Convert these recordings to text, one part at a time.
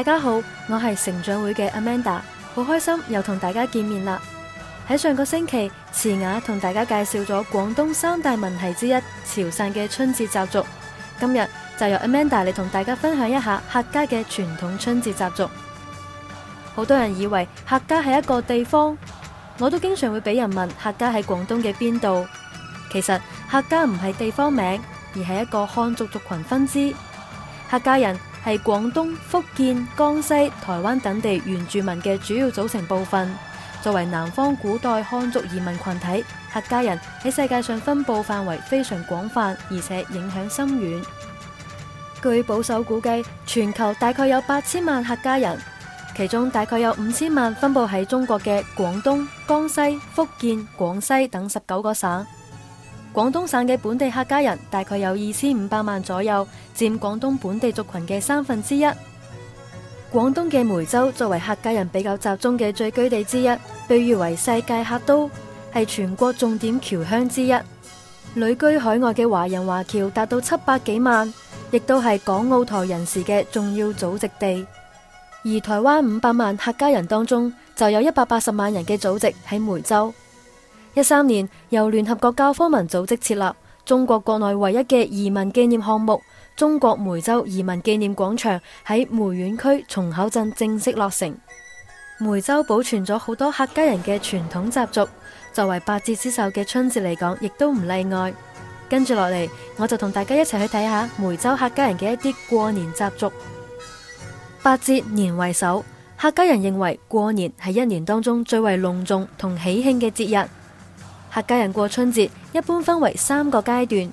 大家好，我係成長會嘅 Amanda，好開心又同大家見面啦。喺上個星期，慈雅同大家介紹咗廣東三大民系之一潮汕嘅春節習俗，今日就由 Amanda 嚟同大家分享一下客家嘅傳統春節習俗。好多人以為客家係一個地方，我都經常會俾人問客家喺廣東嘅邊度。其實客家唔係地方名，而係一個漢族族群分支，客家人。係廣東、福建、江西、台灣等地原住民嘅主要組成部分。作為南方古代漢族移民群體，客家人喺世界上分布範圍非常廣泛，而且影響深遠。據保守估計，全球大概有八千萬客家人，其中大概有五千萬分布喺中國嘅廣東、江西、福建、廣西等十九個省。廣東省嘅本地客家人大概有二千五百萬左右，佔廣東本地族群嘅三分之一。廣東嘅梅州作為客家人比較集中嘅聚居地之一，被譽為世界客都，係全國重點僑鄉之一。旅居海外嘅華人華僑達到七百幾萬，亦都係港澳台人士嘅重要祖籍地。而台灣五百萬客家人當中，就有一百八十萬人嘅祖籍喺梅州。一三年由聯合國教科文組織設立，中國國內唯一嘅移民紀念項目——中國梅州移民紀念廣場喺梅縣區松口鎮正式落成。梅州保存咗好多客家人嘅傳統習俗，作為八節之首嘅春節嚟講，亦都唔例外。跟住落嚟，我就同大家一齊去睇下梅州客家人嘅一啲過年習俗。八節年為首，客家人認為過年係一年當中最為隆重同喜慶嘅節日。客家人過春節一般分為三個階段。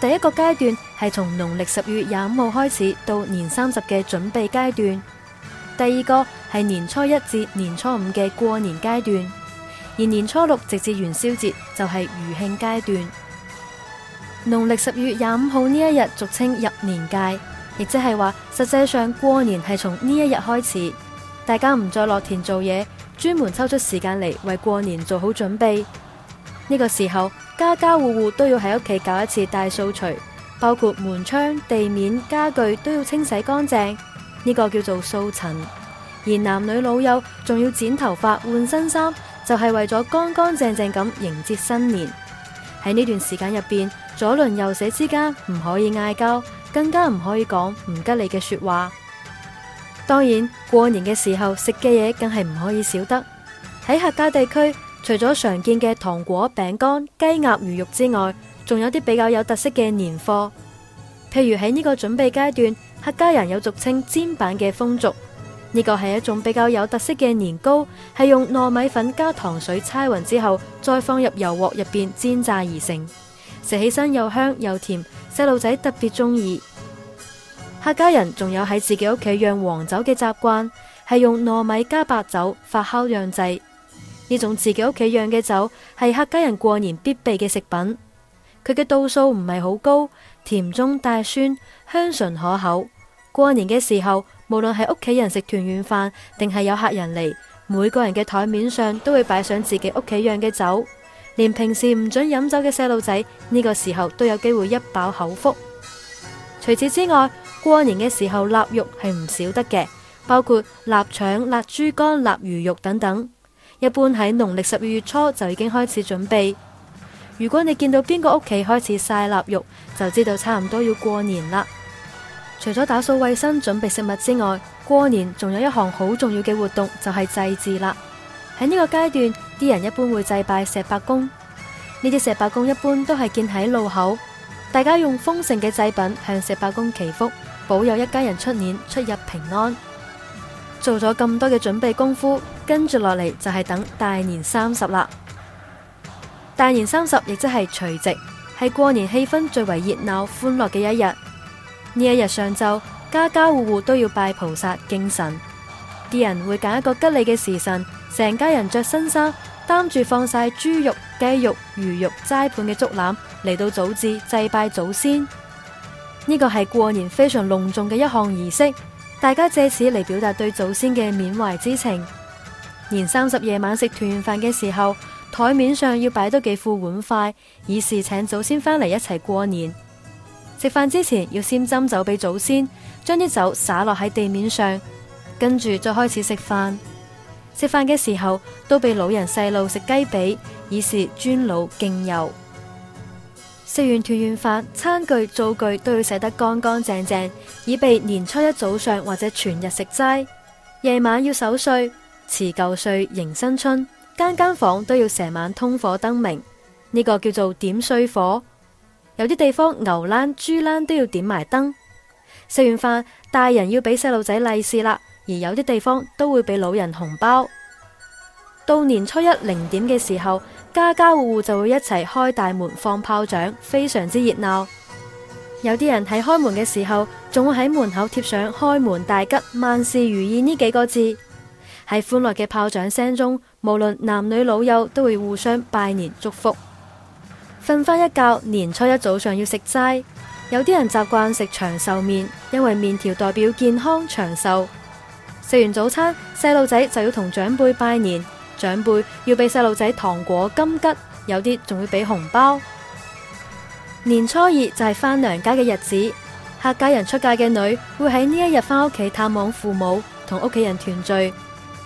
第一個階段係從農曆十月廿五號開始到年三十嘅準備階段；第二個係年初一至年初五嘅過年階段；而年初六直至元宵節就係餘慶階段。農曆十月廿五號呢一日俗稱入年界，亦即係話實際上過年係從呢一日開始，大家唔再落田做嘢，專門抽出時間嚟為過年做好準備。呢個時候，家家戶戶都要喺屋企搞一次大掃除，包括門窗、地面、家具都要清洗乾淨。呢個叫做掃塵。而男女老幼仲要剪頭髮、換新衫，就係為咗乾乾淨淨咁迎接新年。喺呢段時間入邊，左鄰右舍之間唔可以嗌交，更加唔可以講唔吉利嘅說話。當然，過年嘅時候食嘅嘢更係唔可以少得。喺客家地區，除咗常見嘅糖果、餅乾、雞鴨魚肉之外，仲有啲比較有特色嘅年貨，譬如喺呢個準備階段，客家人有俗稱煎板嘅風俗。呢個係一種比較有特色嘅年糕，係用糯米粉加糖水搓匀之後，再放入油鑊入邊煎炸而成，食起身又香又甜，細路仔特別中意。客家人仲有喺自己屋企釀黃酒嘅習慣，係用糯米加白酒發酵釀製。呢種自己屋企釀嘅酒係客家人過年必備嘅食品。佢嘅度數唔係好高，甜中帶酸，香醇可口。過年嘅時候，無論係屋企人食團圓飯，定係有客人嚟，每個人嘅台面上都會擺上自己屋企釀嘅酒。連平時唔准飲酒嘅細路仔，呢個時候都有機會一飽口福。除此之外，過年嘅時候，臘肉係唔少得嘅，包括臘腸、臘豬肝、臘魚肉等等。一般喺農曆十二月初就已經開始準備。如果你見到邊個屋企開始晒臘肉，就知道差唔多要過年啦。除咗打掃衛生、準備食物之外，過年仲有一項好重要嘅活動就係祭祀啦。喺呢個階段，啲人一般會祭拜石伯公。呢啲石伯公一般都係建喺路口，大家用豐盛嘅祭品向石伯公祈福，保佑一家人出年出入平安。做咗咁多嘅準備功夫。跟住落嚟就係等大年三十啦。大年三十亦即係除夕，係過年氣氛最為熱鬧歡樂嘅一日。呢一日上晝，家家戶戶都要拜菩薩、敬神。啲人會揀一個吉利嘅時辰，成家人着新衫，擔住放晒豬肉、雞肉、魚肉齋盤嘅竹籃嚟到祖祠祭拜祖先。呢個係過年非常隆重嘅一項儀式，大家借此嚟表達對祖先嘅緬懷之情。年三十夜晚食團圓飯嘅時候，台面上要擺多幾副碗筷，以示請祖先返嚟一齊過年。食飯之前要先斟酒俾祖先，將啲酒灑落喺地面上，跟住再開始食飯。食飯嘅時候都俾老人細路食雞髀，以示尊老敬幼。食完團圓飯，餐具、灶具都要洗得乾乾淨淨，以備年初一早上或者全日食齋。夜晚要守歲。辭舊歲迎新春，間間房都要成晚通火燈明，呢、這個叫做點歲火。有啲地方牛欄豬欄都要點埋燈。食完飯，大人要俾細路仔利是啦，而有啲地方都會俾老人紅包。到年初一零點嘅時候，家家戶戶就會一齊開大門放炮仗，非常之熱鬧。有啲人喺開門嘅時候，仲會喺門口貼上“開門大吉，萬事如意”呢幾個字。喺歡樂嘅炮仗聲中，無論男女老幼都會互相拜年祝福。瞓翻一覺，年初一早上要食齋。有啲人習慣食長壽麵，因為麵條代表健康長壽。食完早餐，細路仔就要同長輩拜年，長輩要俾細路仔糖果、金桔，有啲仲要俾紅包。年初二就係翻娘家嘅日子，客家人出嫁嘅女會喺呢一日翻屋企探望父母，同屋企人團聚。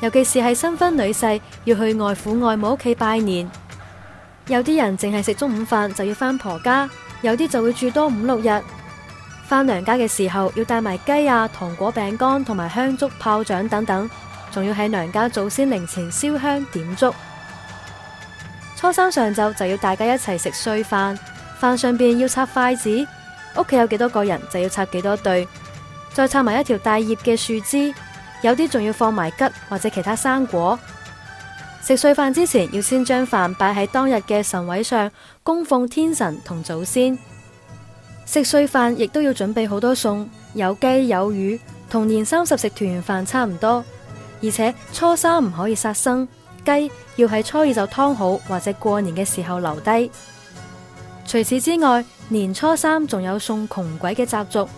尤其是係新婚女婿要去外父外母屋企拜年，有啲人淨係食中午飯就要返婆家，有啲就會住多五六日。返娘家嘅時候要帶埋雞啊、糖果餅乾、餅乾同埋香燭、炮仗等等，仲要喺娘家祖先靈前燒香點燭。初三上晝就要大家一齊食碎飯，飯上邊要插筷子，屋企有幾多個人就要插幾多對，再插埋一條大葉嘅樹枝。有啲仲要放埋桔或者其他生果。食碎飯之前，要先將飯擺喺當日嘅神位上，供奉天神同祖先。食碎飯亦都要準備好多餸，有雞有魚，同年三十食團圓飯差唔多。而且初三唔可以殺生，雞要喺初二就劏好，或者過年嘅時候留低。除此之外，年初三仲有送窮鬼嘅習俗。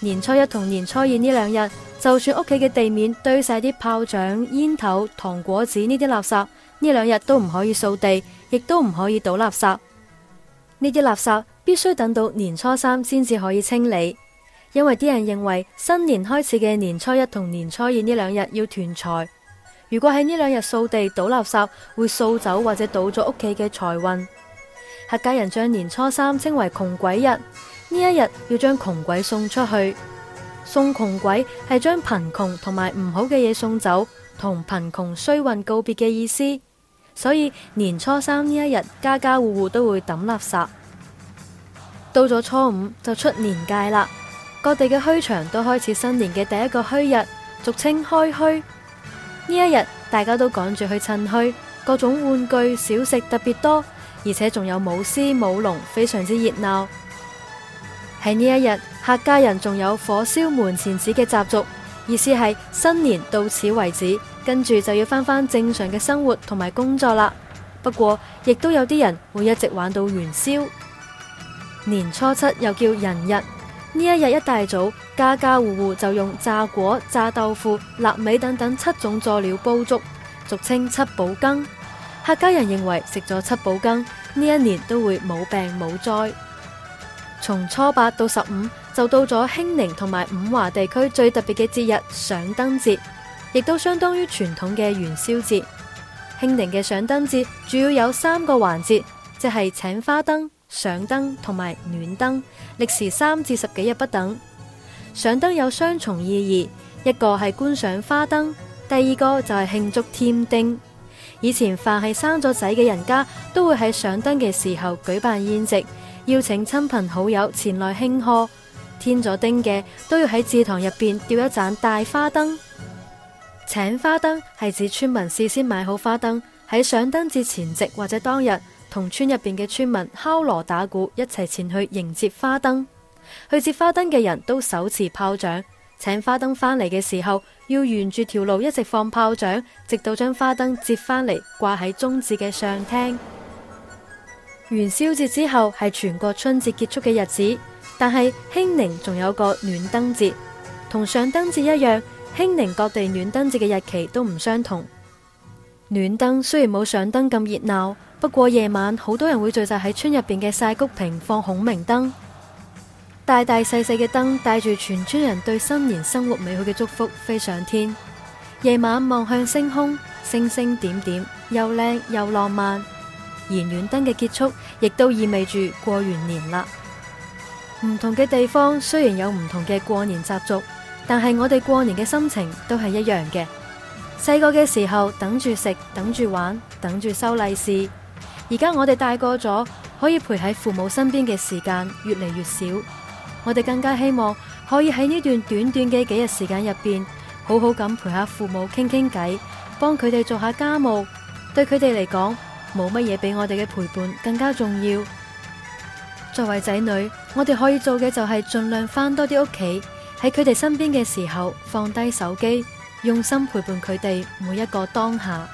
年初一同年初二呢兩日，就算屋企嘅地面堆晒啲炮仗、煙頭、糖果子呢啲垃圾，呢兩日都唔可以掃地，亦都唔可以倒垃圾。呢啲垃圾必須等到年初三先至可以清理，因為啲人認為新年開始嘅年初一同年初二呢兩日要斷財。如果喺呢兩日掃地倒垃圾，會掃走或者倒咗屋企嘅財運。客家人將年初三稱為窮鬼日，呢一日要將窮鬼送出去。送窮鬼係將貧窮同埋唔好嘅嘢送走，同貧窮衰運告別嘅意思。所以年初三呢一日，家家戶戶都會抌垃圾。到咗初五就出年界啦，各地嘅墟場都開始新年嘅第一個墟日，俗稱開墟。呢一日大家都趕住去趁墟，各種玩具、小食特別多，而且仲有舞獅、舞龍，非常之熱鬧。喺呢一日，客家人仲有「火燒門前紙」嘅習俗，意思係新年到此為止，跟住就要翻翻正常嘅生活同埋工作啦。不過，亦都有啲人會一直玩到元宵。年初七又叫人日，呢一日一大早，家家戶戶就用炸果、炸豆腐、臘味等等七種佐料煲粥，俗稱七寶羹。客家人認為食咗七寶羹，呢一年都會冇病冇災。從初八到十五就到咗興寧同埋五華地區最特別嘅節日上燈節，亦都相當於傳統嘅元宵節。興寧嘅上燈節主要有三個環節，即係請花燈、上燈同埋暖燈，歷時三至十幾日不等。上燈有雙重意義，一個係觀賞花燈，第二個就係慶祝添丁。以前凡係生咗仔嘅人家，都會喺上燈嘅時候舉辦宴席。邀請親朋好友前來慶賀，添咗丁嘅都要喺祠堂入邊吊一盞大花燈。請花燈係指村民事先買好花燈，喺上燈節前夕或者當日，同村入邊嘅村民敲鑼打鼓一齊前去迎接花燈。去接花燈嘅人都手持炮仗，請花燈翻嚟嘅時候，要沿住條路一直放炮仗，直到將花燈接翻嚟掛喺宗祠嘅上廳。元宵節之後係全國春節結束嘅日子，但係興寧仲有個暖燈節，同上燈節一樣。興寧各地暖燈節嘅日期都唔相同。暖燈雖然冇上燈咁熱鬧，不過夜晚好多人會聚集喺村入邊嘅曬穀坪放孔明燈，大大細細嘅燈帶住全村人對新年生活美好嘅祝福飛上天。夜晚望向星空，星星點點，又靚又浪漫。燃願燈嘅結束，亦都意味住過完年啦。唔同嘅地方雖然有唔同嘅過年習俗，但係我哋過年嘅心情都係一樣嘅。細個嘅時候等，等住食，等住玩，等住收利是。而家我哋大個咗，可以陪喺父母身邊嘅時間越嚟越少，我哋更加希望可以喺呢段短短嘅幾日時間入邊，好好咁陪下父母傾傾偈，幫佢哋做下家務，對佢哋嚟講。冇乜嘢比我哋嘅陪伴更加重要。作為仔女，我哋可以做嘅就係盡量返多啲屋企，喺佢哋身邊嘅時候放低手機，用心陪伴佢哋每一個當下。